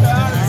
cara.